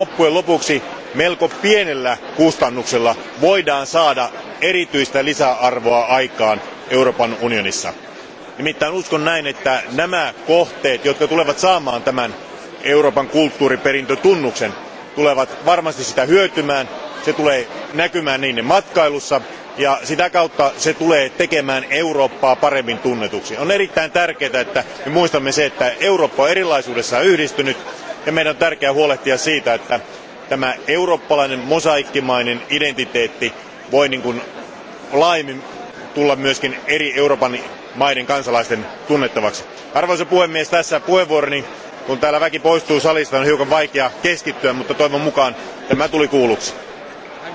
loppujen lopuksi melko pienellä kustannuksella voidaan saada erityistä lisäarvoa aikaan euroopan unionissa. nimittäin uskon näin että nämä kohteet jotka tulevat saamaan tämän euroopan kulttuuriperintötunnuksen tulevat varmasti siitä hyötymään se tulee näkymään niiden matkailussa ja sitä kautta se tulee tekemään eurooppaa paremmin tunnetuksi. on erittäin tärkeää että me muistamme sen että eurooppa on erilaisuudessaan yhdistynyt ja meidän on tärkeää huolehtia siitä että tämä eurooppalainen mosaiikkimainen identiteetti voi niin kuin laajemmin tulla myös eri euroopan maiden kansalaisten tunnettavaksi. arvoisa puhemies tässä puheenvuoroni kun täällä väki poistuu salista on hiukan vaikea keskittyä mutta toivon mukaan tämä tuli kuulluksi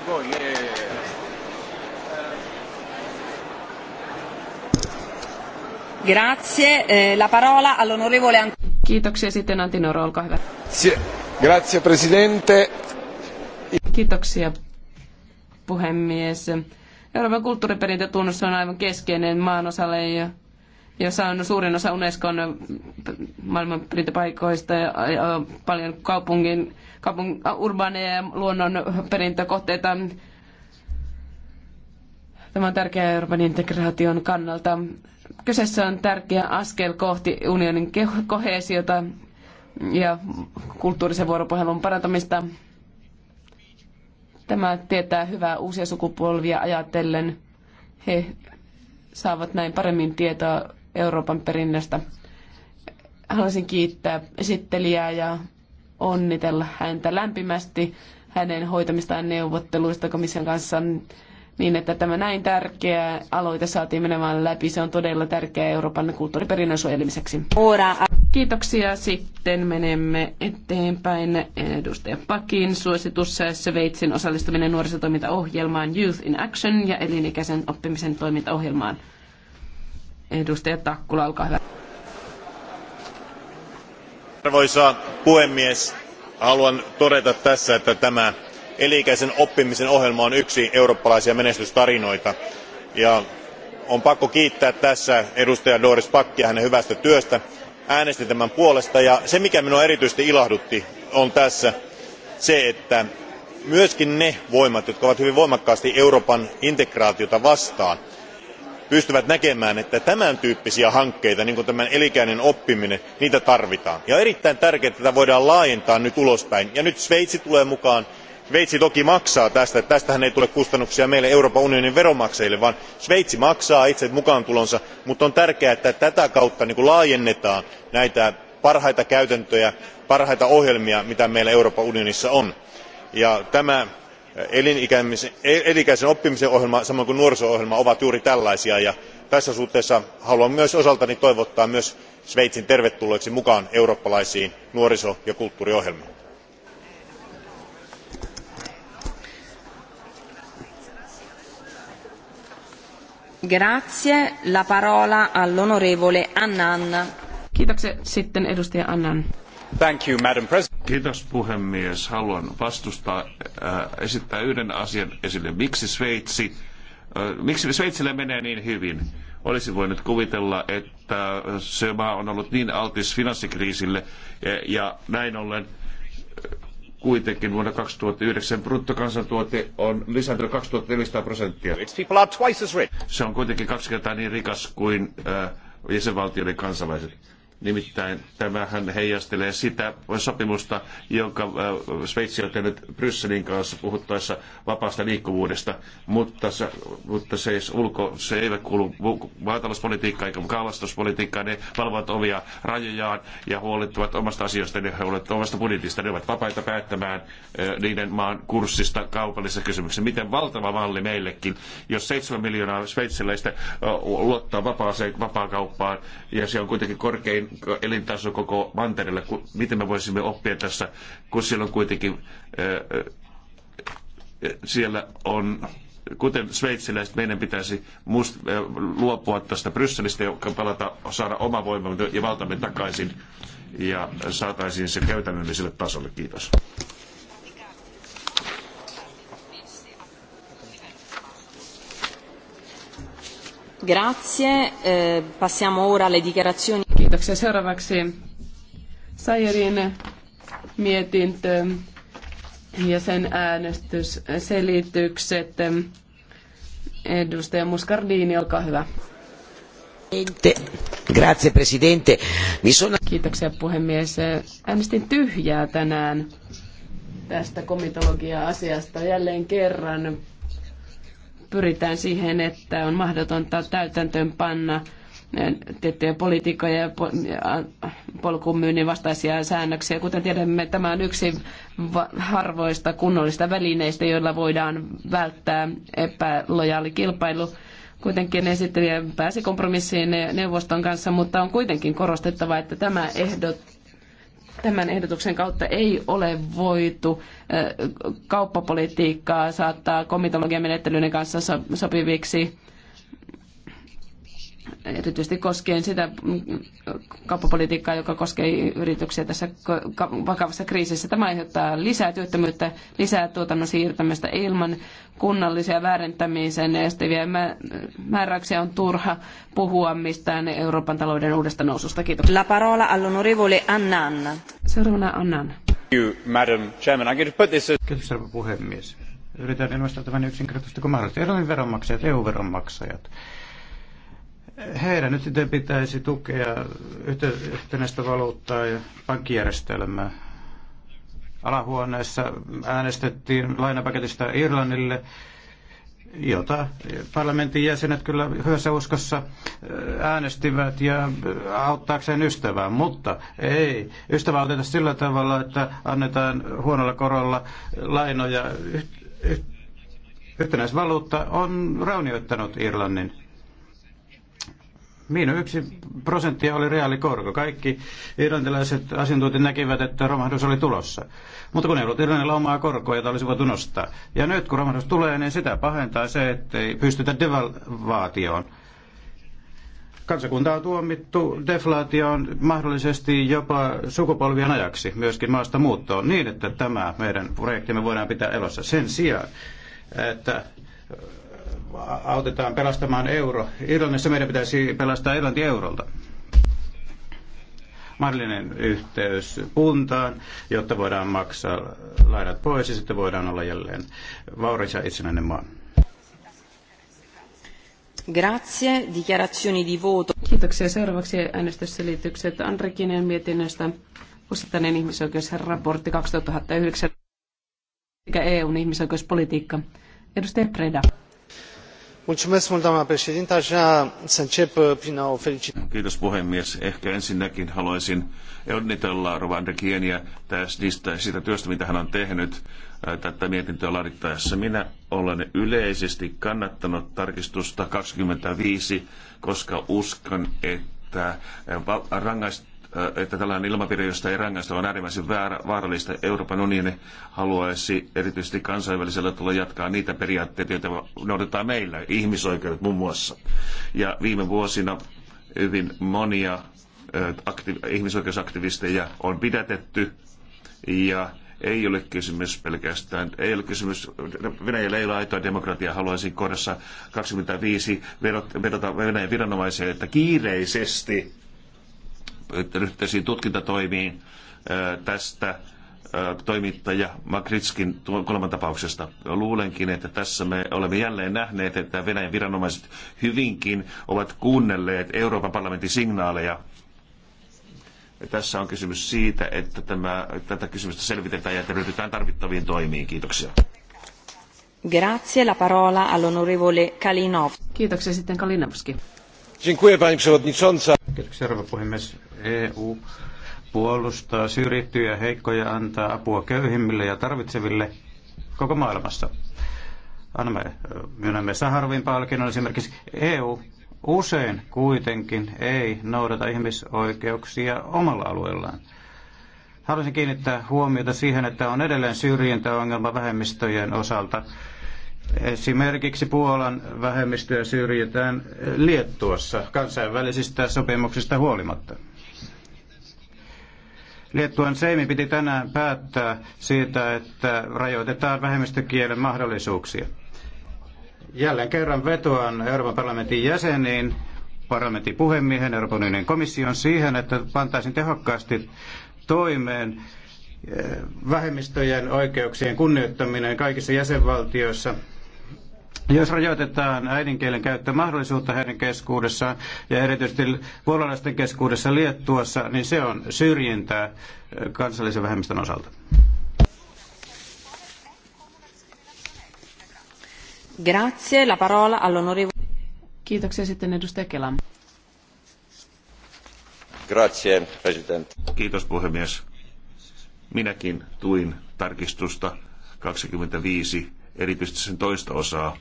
going. Yeah, yeah, yeah. yeah. Grazie. Eh, la parola all'onorevole Kiitoksia sitten hyvä. Grazie, presidente. Kiitoksia, puhemies. Euroopan kulttuuriperintötunnus on aivan keskeinen maanosalle ja jossa on suurin osa Unescon maailmanperintöpaikoista ja, paljon kaupungin, kaupung, äh, urbaaneja ja luonnon perintökohteita. Tämä on tärkeää Euroopan integraation kannalta. Kyseessä on tärkeä askel kohti unionin kohesiota ja kulttuurisen vuoropuhelun parantamista. Tämä tietää hyvää uusia sukupolvia ajatellen. He saavat näin paremmin tietoa Euroopan perinnöstä. Haluaisin kiittää esittelijää ja onnitella häntä lämpimästi hänen hoitamistaan neuvotteluista komission kanssa niin, että tämä näin tärkeä aloite saatiin menemään läpi. Se on todella tärkeä Euroopan kulttuuriperinnön suojelemiseksi. Kiitoksia. Sitten menemme eteenpäin. Edustaja Pakin suositus Sveitsin osallistuminen nuorisotoimintaohjelmaan Youth in Action ja elinikäisen oppimisen toimintaohjelmaan. Edustaja Takkula, olkaa hyvä. Arvoisa puhemies, haluan todeta tässä, että tämä elikäisen oppimisen ohjelma on yksi eurooppalaisia menestystarinoita. Ja on pakko kiittää tässä edustaja Doris Packia hänen hyvästä työstä. Äänestin tämän puolesta ja se mikä minua erityisesti ilahdutti on tässä se, että myöskin ne voimat, jotka ovat hyvin voimakkaasti Euroopan integraatiota vastaan, pystyvät näkemään että tämän tyyppisiä hankkeita niin kuin tämä elinikäinen oppiminen tarvitaan. on erittäin tärkeää että tätä voidaan laajentaa nyt ulospäin ja nyt sveitsi tulee mukaan. sveitsi toki maksaa tästä tästähän ei tule kustannuksia meille euroopan unionin veronmaksajille vaan sveitsi maksaa itse mukaantulonsa mutta on tärkeää että tätä kautta niin laajennetaan näitä parhaita käytäntöjä parhaita ohjelmia mitä meillä euroopan unionissa on. tämä E- elinikäisen oppimisen ohjelma samoin kuin nuoriso ohjelma ovat juuri tällaisia ja tässä suhteessa haluan myös osaltani toivottaa sveitsin tervetulleeksi mukaan eurooppalaisiin nuoriso ja kulttuuriohjelmiin. Kiitoksia. Sitten edustaja Annan. Madam President. Kiitos puhemies. Haluan vastustaa, äh, esittää yhden asian esille. Miksi Sveitsi äh, miksi Sveitsillä menee niin hyvin? Olisi voinut kuvitella, että se maa on ollut niin altis finanssikriisille ja näin ollen äh, kuitenkin vuonna 2009 bruttokansantuote on lisääntynyt 2400 prosenttia. Se on kuitenkin kaksi kertaa niin rikas kuin äh, jäsenvaltioiden kansalaiset. Nimittäin tämähän heijastelee sitä sopimusta, jonka äh, Sveitsi on tehnyt Brysselin kanssa puhuttaessa vapaasta liikkuvuudesta, mutta se, mutta se, ulko, se ei kuulu maatalouspolitiikkaan eikä kalastuspolitiikkaan. Ne valvovat omia rajojaan ja huolehtivat omasta asioista, ne huolehtivat omasta budjetista. Ne ovat vapaita päättämään äh, niiden maan kurssista kaupallisessa kysymyksessä. Miten valtava malli meillekin, jos 7 miljoonaa sveitsiläistä äh, luottaa vapaaseen, vapaakauppaan ja se on kuitenkin korkein elintaso koko mantereella. Miten me voisimme oppia tässä, kun siellä on kuitenkin, siellä on kuten sveitsiläiset, meidän pitäisi must, luopua tästä Brysselistä ja palata, saada oma voimamme ja valtamme takaisin ja saataisiin se käytännölliselle tasolle. Kiitos. Grazie. Eh, passiamo ora alle dichiarazioni. Kiitoksia. Seuraavaksi Sajerin mietintö ja sen äänestysselitykset. Edustaja Muscardini, olkaa hyvä. Grazie presidente. Mi sono... Kiitoksia puhemies. Äänestin tyhjää tänään tästä komitologia-asiasta jälleen kerran. Pyritään siihen, että on mahdotonta täytäntöön panna tiettyjä politiikka- ja polkumyynnin vastaisia säännöksiä. Kuten tiedämme, tämä on yksi harvoista kunnollista välineistä, joilla voidaan välttää epälojaali kilpailu. Kuitenkin esittelijä pääsi kompromissiin neuvoston kanssa, mutta on kuitenkin korostettava, että tämä ehdot, tämän ehdotuksen kautta ei ole voitu kauppapolitiikkaa saattaa komitologian menettelyiden kanssa sopiviksi erityisesti koskien sitä mm, kauppapolitiikkaa, joka koskee yrityksiä tässä vakavassa kriisissä. Tämä aiheuttaa lisää työttömyyttä, lisää tuotannon siirtämistä ilman kunnallisia väärentämisen estäviä määräyksiä on turha puhua mistään Euroopan talouden uudesta noususta. Kiitoksia. La parola all'onorevole Annan. Seuraavana Annan. Madam Chairman. puhemies. Yritän ilmaista tämän yksinkertaisesti kuin mahdollista. Eroin veronmaksajat, EU-veronmaksajat heidän nyt sitten pitäisi tukea yhtenäistä valuuttaa ja pankkijärjestelmää. Alahuoneessa äänestettiin lainapaketista Irlannille, jota parlamentin jäsenet kyllä hyössä uskossa äh, äänestivät ja äh, auttaakseen ystävää, mutta ei. ystävä oteta sillä tavalla, että annetaan huonolla korolla lainoja. Yhtenäisvaluutta on raunioittanut Irlannin Miinus yksi prosenttia oli reaalikorko. Kaikki irlantilaiset asiantuntijat näkivät, että romahdus oli tulossa. Mutta kun ei ollut Irlannilla omaa korkoa, jota olisi voitu nostaa. Ja nyt kun romahdus tulee, niin sitä pahentaa se, että ei pystytä devalvaatioon. Kansakunta on tuomittu deflaatioon mahdollisesti jopa sukupolvien ajaksi, myöskin maasta muuttoon, niin että tämä meidän projektimme voidaan pitää elossa. Sen sijaan, että autetaan pelastamaan euro. Irlannissa meidän pitäisi pelastaa Irlanti eurolta. Mahdollinen yhteys puntaan, jotta voidaan maksaa laidat pois ja sitten voidaan olla jälleen vaurissa itsenäinen maa. Grazie. Dichiarazioni di voto. Kiitoksia. Seuraavaksi äänestysselitykset Andrikinen mietinnöstä osittainen ihmisoikeusraportti 2009 sekä EUn ihmisoikeuspolitiikka. Edustaja Preda vrea să încep uh, prin a o felicita. Kiitos puhemies. Ehkä ensinnäkin haluaisin onnitella Rwanda Kieniä tästä, siitä työstä, mitä hän on tehnyt äh, tätä mietintöä laadittaessa. Minä olen yleisesti kannattanut tarkistusta 25, koska uskon, että että äh, rangaist, Äh, että tällainen ilmapiiri, josta ei rangaista, on äärimmäisen vaarallista. Euroopan unioni haluaisi erityisesti kansainvälisellä tulla jatkaa niitä periaatteita, joita noudatetaan meillä, ihmisoikeudet muun muassa. Ja viime vuosina hyvin monia äh, aktiv- ihmisoikeusaktivisteja on pidätetty ja ei ole kysymys pelkästään, ei ole kysymys, Venäjällä ei ole aitoa demokratiaa, haluaisin kohdassa 25 vedota Venäjän viranomaisia, että kiireisesti ryhtyisiin tutkintatoimiin tästä toimittaja Makritskin kuolemantapauksesta. Luulenkin, että tässä me olemme jälleen nähneet, että Venäjän viranomaiset hyvinkin ovat kuunnelleet Euroopan parlamentin signaaleja. Tässä on kysymys siitä, että tämä, tätä kysymystä selvitetään ja että ryhdytään tarvittaviin toimiin. Kiitoksia. Grazie, la parola all'onorevole Kalinov. Kiitoksia sitten Kalinovski. Dziękuję pani przewodnicząca. Kiitoksia rouva puhemies EU puolustaa syrjittyjä heikkoja, antaa apua köyhimmille ja tarvitseville koko maailmassa. Annamme, myönnämme Saharovin palkinnon esimerkiksi EU usein kuitenkin ei noudata ihmisoikeuksia omalla alueellaan. Haluaisin kiinnittää huomiota siihen, että on edelleen syrjintäongelma vähemmistöjen osalta. Esimerkiksi Puolan vähemmistöä syrjitään Liettuassa kansainvälisistä sopimuksista huolimatta. Liettuan Seimi piti tänään päättää siitä, että rajoitetaan vähemmistökielen mahdollisuuksia. Jälleen kerran vetoan Euroopan parlamentin jäseniin, parlamentin puhemiehen, Euroopan unionin komission siihen, että pantaisin tehokkaasti toimeen eh, vähemmistöjen oikeuksien kunnioittaminen kaikissa jäsenvaltioissa jos rajoitetaan äidinkielen käyttömahdollisuutta heidän keskuudessaan ja erityisesti puolalaisten keskuudessa Liettuassa, niin se on syrjintää eh, kansallisen vähemmistön osalta. Grazie, la parola all'onorevole. Kiitoksia sitten edustaja Kelam. Grazie, president. Kiitos puhemies. Minäkin tuin tarkistusta 25 erityisesti sen toista osaa.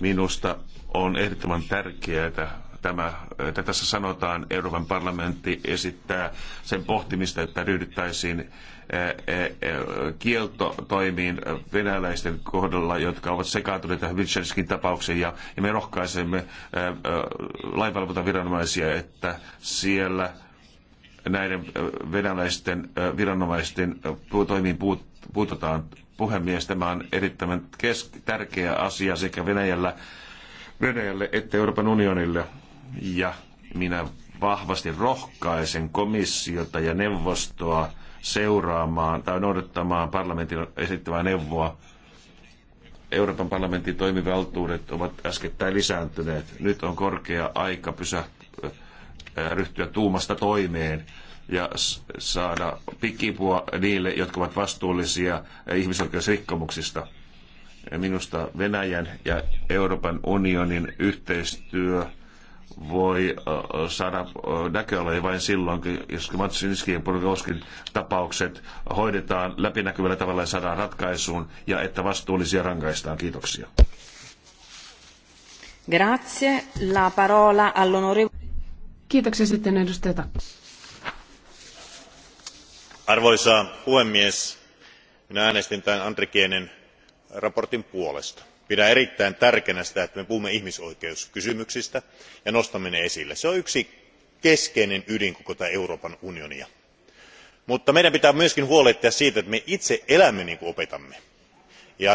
Minusta on ehdottoman tärkeää, että tämä, että tässä sanotaan, Euroopan parlamentti esittää sen pohtimista, että ryhdyttäisiin kieltotoimiin venäläisten kohdalla, jotka ovat sekaantuneet tähän Vitsenskin tapaukseen, ja, ja me rohkaisemme lainvalvontaviranomaisia, että siellä näiden venäläisten viranomaisten toimiin puututaan puhemies. Tämä on erittäin tärkeä asia sekä Venäjällä, Venäjälle että Euroopan unionille. Ja minä vahvasti rohkaisen komissiota ja neuvostoa seuraamaan tai noudattamaan parlamentin esittävää neuvoa. Euroopan parlamentin toimivaltuudet ovat äskettäin lisääntyneet. Nyt on korkea aika pysähtyä Äh, ryhtyä tuumasta toimeen ja saada pikipua niille, jotka ovat vastuullisia äh, ihmisoikeusrikkomuksista. Minusta Venäjän ja Euroopan unionin yhteistyö voi äh, saada näköaloja vain silloin, jos Matsinski ja Purgoskin tapaukset hoidetaan läpinäkyvällä tavalla ja saadaan ratkaisuun ja että vastuullisia rangaistaan. Kiitoksia. Grazie. La parola all'onorevole. Kiitoksia sitten edustajata. Arvoisa puhemies, minä äänestin tämän Andrikienen raportin puolesta. Pidän erittäin tärkeänä sitä, että me puhumme ihmisoikeuskysymyksistä ja nostamme ne esille. Se on yksi keskeinen ydin koko tätä Euroopan unionia. Mutta meidän pitää myöskin huolehtia siitä, että me itse elämme niin kuin opetamme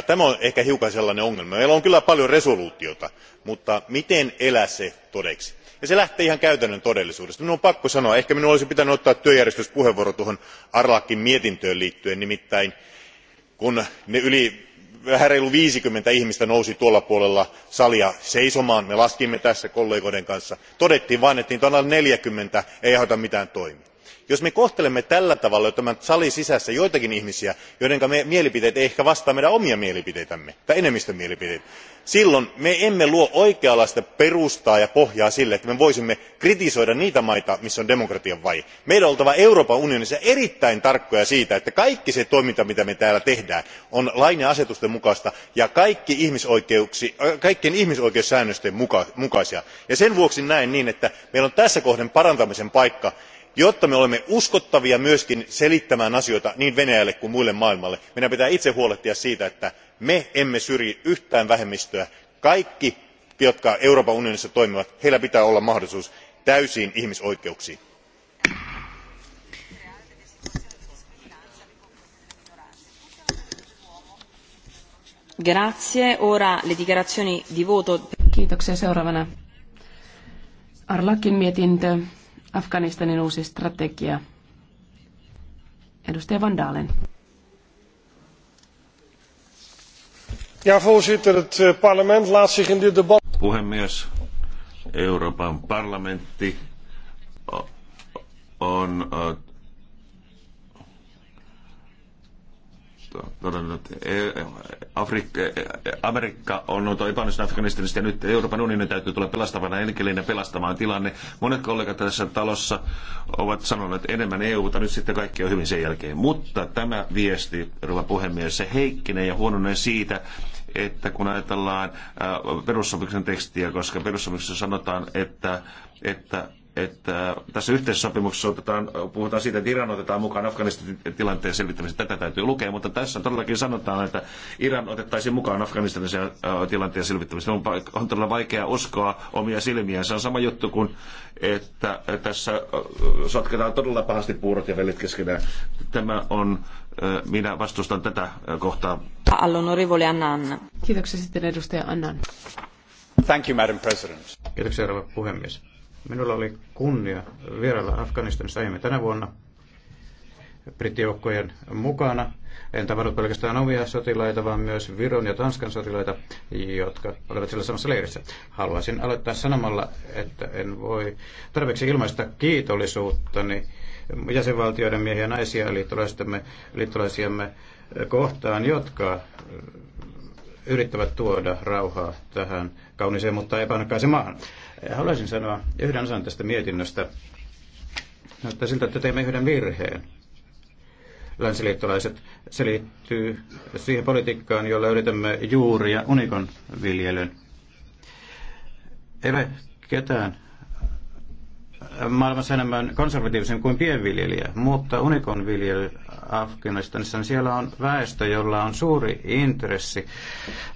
tämä on ehkä hiukan sellainen ongelma. meillä on kyllä paljon resoluutiota mutta miten elää se todeksi? se lähtee ihan käytännön todellisuudesta. minun on pakko sanoa ehkä minun olisi pitänyt ottaa työjärjestyspuheenvuoro tuohon arlakin mietintöön liittyen nimittäin kun vähän reilu viisikymmentä ihmistä nousi tuolla puolella salia seisomaan me laskimme tässä kollegoiden kanssa todettiin vain että niitä on alle neljäkymmentä ei auta mitään toimia jos me kohtelemme tällä tavalla tämän salin sisällä joitakin ihmisiä joiden mielipiteet eivät ehkä vastaa meidän omia mielipiteitämme tai enemmistön mielipiteitä silloin me emme luo oikeanlaista perustaa ja pohjaa sille että me voisimme kritisoida niitä maita missä on demokratian vaje. meidän on oltava euroopan unionissa erittäin tarkkoja siitä että kaikki se toiminta mitä me täällä teemme on lain ja asetusten mukaista ja äh, kaikkien ihmisoikeussäännösten mukaista. sen vuoksi näen niin, että meillä on tässä kohden parantamisen paikka jotta me olemme uskottavia myös selittämään asioita niin venäjälle kuin muulle maailmalle meidän pitää itse huolehtia siitä että me emme syrji yhtään vähemmistöä. kaikilla jotka euroopan unionissa toimivat pitää olla mahdollisuus täysiin ihmisoikeuksiin. Kiitoksia. Seuraavana Arlakin mietintö Afganistanin uusi strategia. Edustaja Van Dalen. Ja, voorzitter, het eh, parlement laat zich in dit debat... Puhemies, Euroopan parlamentti on eh, todennut, että e- Afrikka, e- Amerikka on ollut epäonnistunut Afganistanista ja nyt Euroopan unionin täytyy tulla pelastavana enkelinen pelastamaan tilanne. Monet kollegat tässä talossa ovat sanoneet että enemmän mutta nyt sitten kaikki on hyvin sen jälkeen. Mutta tämä viesti, rouva puhemies, se heikkinen ja huononen siitä, että kun ajatellaan äh, perussopimuksen tekstiä, koska perussopimuksessa sanotaan, että, että että tässä yhteisessä sopimuksessa otetaan, puhutaan siitä, että Iran otetaan mukaan Afganistanin tilanteen selvittämiseen. Tätä täytyy lukea, mutta tässä todellakin sanotaan, että Iran otettaisiin mukaan Afganistanin tilanteen selvittämiseen. On, on todella vaikea uskoa omia silmiään. Se on sama juttu kuin, että tässä sotketaan todella pahasti puurot ja velit keskenään. Tämä on, minä vastustan tätä kohtaa. All'onorevole Annan. Kiitoksia sitten edustaja Annan. Thank you, Madam President. Kiitoksia, herra puhemies Minulla oli kunnia vierailla Afganistanissa aiemmin tänä vuonna brittijoukkojen mukana. En tavannut pelkästään omia sotilaita, vaan myös Viron ja Tanskan sotilaita, jotka olivat sillä samassa leirissä. Haluaisin aloittaa sanomalla, että en voi tarpeeksi ilmaista kiitollisuuttani jäsenvaltioiden miehiä ja naisia liittolaisiamme, liittolaisiamme kohtaan, jotka yrittävät tuoda rauhaa tähän kauniseen, mutta epäonnekkaiseen maahan. Haluaisin sanoa yhden osan tästä mietinnöstä. Näyttää siltä, että teimme yhden virheen. Länsiliittolaiset, se liittyy siihen politiikkaan, jolla yritämme juuri ja unikon viljelyn. Ei ole ketään maailmassa enemmän konservatiivisen kuin pienviljelijä, mutta unikon viljely Afganistanissa, niin siellä on väestö, jolla on suuri intressi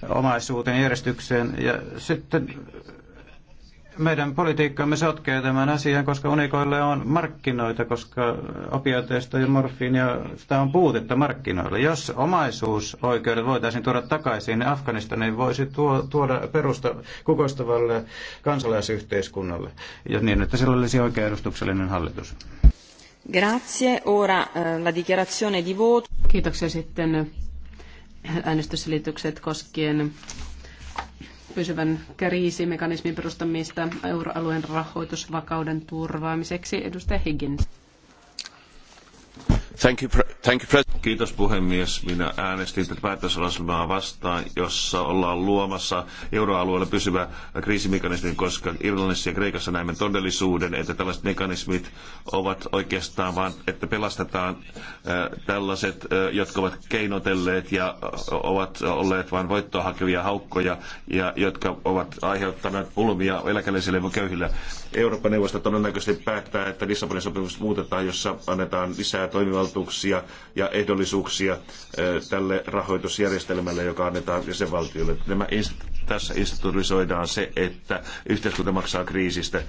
omaisuuteen järjestykseen ja sitten meidän politiikkamme sotkee tämän asian, koska unikoille on markkinoita, koska opioiteista ja morfiinia sitä on puutetta markkinoilla. Jos omaisuusoikeudet voitaisiin tuoda takaisin, niin Afganistaniin voisi tuo, tuoda perusta kukoistavalle kansalaisyhteiskunnalle, ja niin, että sillä olisi oikea edustuksellinen hallitus. Grazie. Ora eh, la dichiarazione di voto. Kiitoksia sitten äänestysselitykset koskien pysyvän kriisimekanismin perustamista euroalueen rahoitusvakauden turvaamiseksi. Edustaja Higgins arvoisa Kiitos puhemies. Minä äänestin tätä päätöslauselmaa vastaan, jossa ollaan luomassa euroalueelle pysyvä kriisimekanismi, koska Irlannissa ja Kreikassa näemme todellisuuden, että tällaiset mekanismit ovat oikeastaan vain, että pelastetaan äh, tällaiset, äh, jotka ovat keinotelleet ja äh, ovat olleet vain voittoa hakevia haukkoja ja jotka ovat aiheuttaneet pulmia eläkeläisille ja köyhille. Eurooppa-neuvosto todennäköisesti päättää, että Lissabonin sopimus muutetaan, jossa annetaan lisää toimivaltaa valtuuksia ja ehdollisuuksia eh, tälle rahoitusjärjestelmälle, joka annetaan jäsenvaltioille. Nämä inst- tässä institutisoidaan se, että yhteiskunta maksaa kriisistä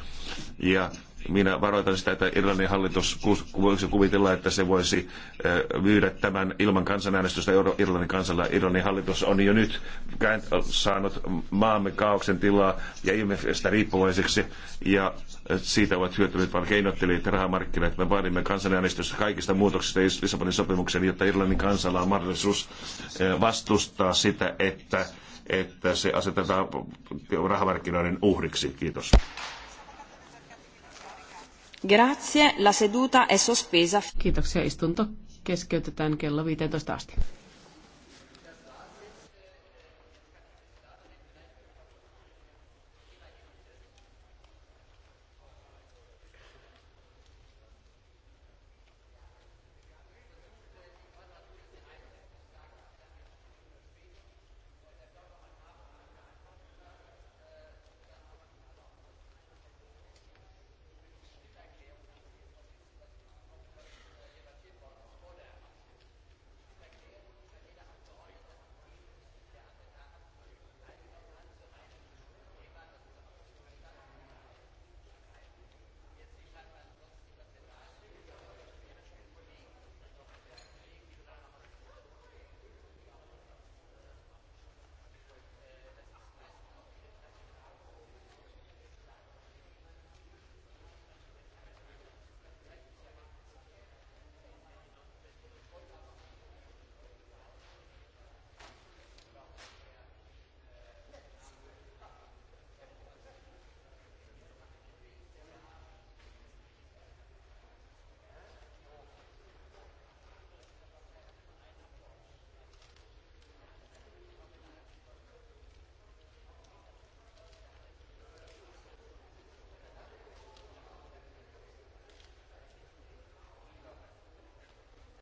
ja minä varoitan sitä, että Irlannin hallitus voisi kuvitella, että se voisi myydä tämän ilman kansanäänestystä Irlannin kansalla. Irlannin hallitus on jo nyt saanut maamme kaauksen tilaa ja IMFstä riippuvaiseksi ja siitä ovat hyötyneet vain keinottelijat ja rahamarkkinat. Me vaadimme kansanäänestystä kaikista muutoksista Lissabonin sopimukseen, jotta Irlannin kansalla on mahdollisuus vastustaa sitä, että että se asetetaan rahamarkkinoiden uhriksi. Kiitos. Grazie, la seduta è sospesa. Kiitoksia, istunto keskeytetään kello 15 asti.